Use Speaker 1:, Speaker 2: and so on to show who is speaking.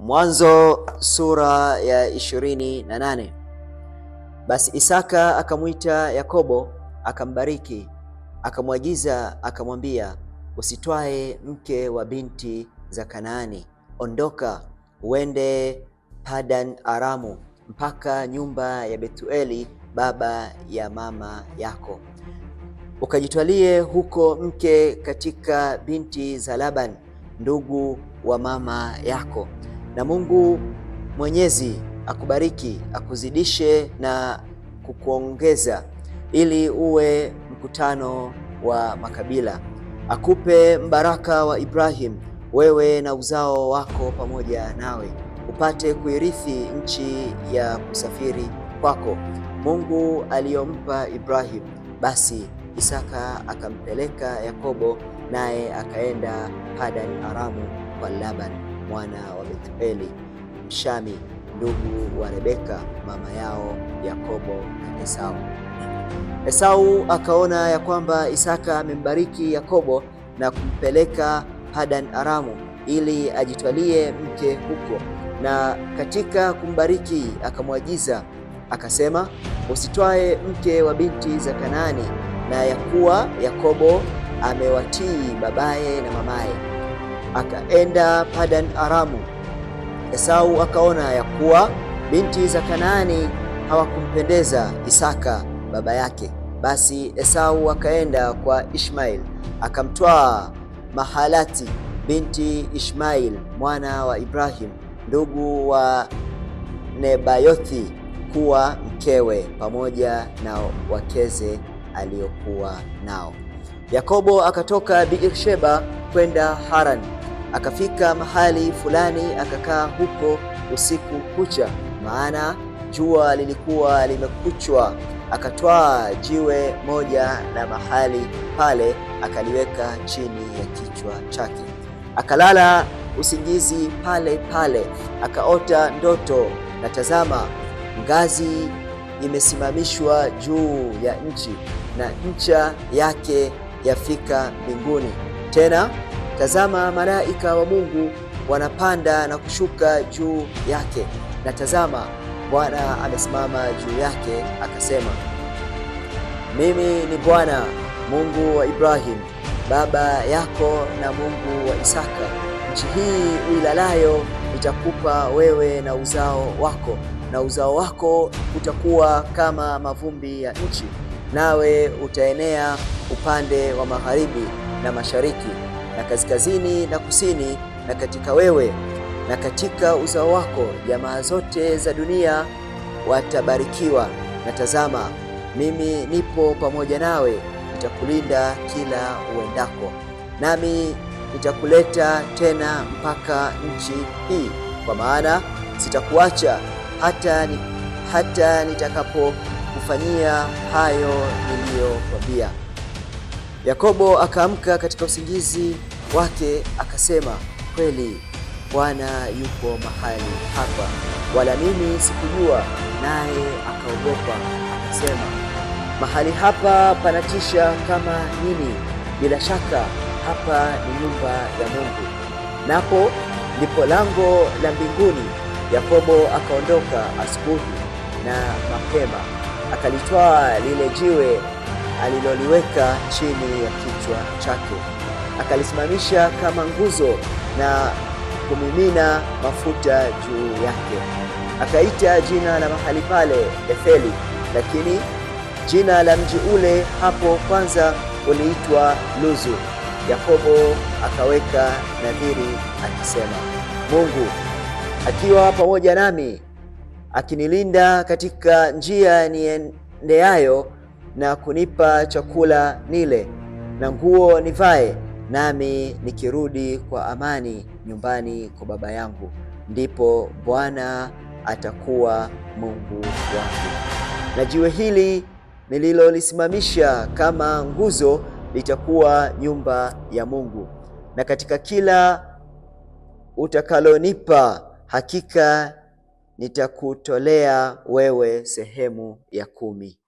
Speaker 1: Mwanzo sura ya ishirini na nane. Basi Isaka akamwita Yakobo akambariki, akamwagiza akamwambia, usitwae mke wa binti za Kanaani, ondoka uende Padan Aramu mpaka nyumba ya Betueli baba ya mama yako, ukajitwalie huko mke katika binti za Laban ndugu wa mama yako na Mungu Mwenyezi akubariki, akuzidishe na kukuongeza ili uwe mkutano wa makabila, akupe mbaraka wa Ibrahim, wewe na uzao wako pamoja nawe, upate kuirithi nchi ya kusafiri kwako. Mungu aliyompa Ibrahim, basi Isaka akampeleka Yakobo, naye akaenda Padan Aramu kwa Laban mwana wa Bethueli Mshami, ndugu wa Rebeka mama yao Yakobo na Esau. Esau akaona ya kwamba Isaka amembariki Yakobo na kumpeleka Padan Aramu ili ajitwalie mke huko, na katika kumbariki akamwagiza akasema, usitwae mke wa binti za Kanaani, na ya kuwa Yakobo amewatii babaye na mamaye akaenda Padan Aramu. Esau akaona ya kuwa binti za Kanaani hawakumpendeza Isaka baba yake. Basi Esau akaenda kwa Ishmail akamtwaa Mahalati binti Ishmail mwana wa Ibrahim ndugu wa Nebayothi kuwa mkewe pamoja na wakeze aliyokuwa nao. Yakobo akatoka Beersheba kwenda Haran, akafika mahali fulani, akakaa huko usiku kucha, maana jua lilikuwa limekuchwa. Akatwaa jiwe moja na mahali pale, akaliweka chini ya kichwa chake, akalala usingizi pale pale. Akaota ndoto, na tazama, ngazi imesimamishwa juu ya nchi, na ncha yake yafika mbinguni. Tena tazama, malaika wa Mungu wanapanda na kushuka juu yake, na tazama, Bwana amesimama juu yake, akasema, mimi ni Bwana Mungu wa Ibrahimu baba yako na Mungu wa Isaka. Nchi hii uilalayo nitakupa wewe na uzao wako, na uzao wako utakuwa kama mavumbi ya nchi nawe utaenea upande wa magharibi na mashariki na kaskazini na kusini, na katika wewe na katika uzao wako jamaa zote za dunia watabarikiwa. Na tazama, mimi nipo pamoja nawe, nitakulinda kila uendako, nami nitakuleta tena mpaka nchi hii, kwa maana sitakuacha hata, hata nitakapo kufanyia hayo niliyokwambia. Yakobo akaamka katika usingizi wake akasema, kweli Bwana yupo mahali hapa, wala mimi sikujua. Naye akaogopa akasema, mahali hapa panatisha kama nini! Bila shaka hapa ni nyumba ya Mungu, napo ndipo lango la mbinguni. Yakobo akaondoka asubuhi na mapema akalitwaa lile jiwe aliloliweka chini ya kichwa chake, akalisimamisha kama nguzo na kumimina mafuta juu yake. Akaita jina la mahali pale Betheli, lakini jina la mji ule hapo kwanza uliitwa Luzu. Yakobo akaweka nadhiri akisema, Mungu akiwa pamoja nami akinilinda katika njia niendeayo, na kunipa chakula nile na nguo nivae, nami nikirudi kwa amani nyumbani kwa baba yangu, ndipo Bwana atakuwa Mungu wangu. Na jiwe hili nililolisimamisha kama nguzo litakuwa nyumba ya Mungu, na katika kila utakalonipa hakika nitakutolea wewe sehemu ya kumi.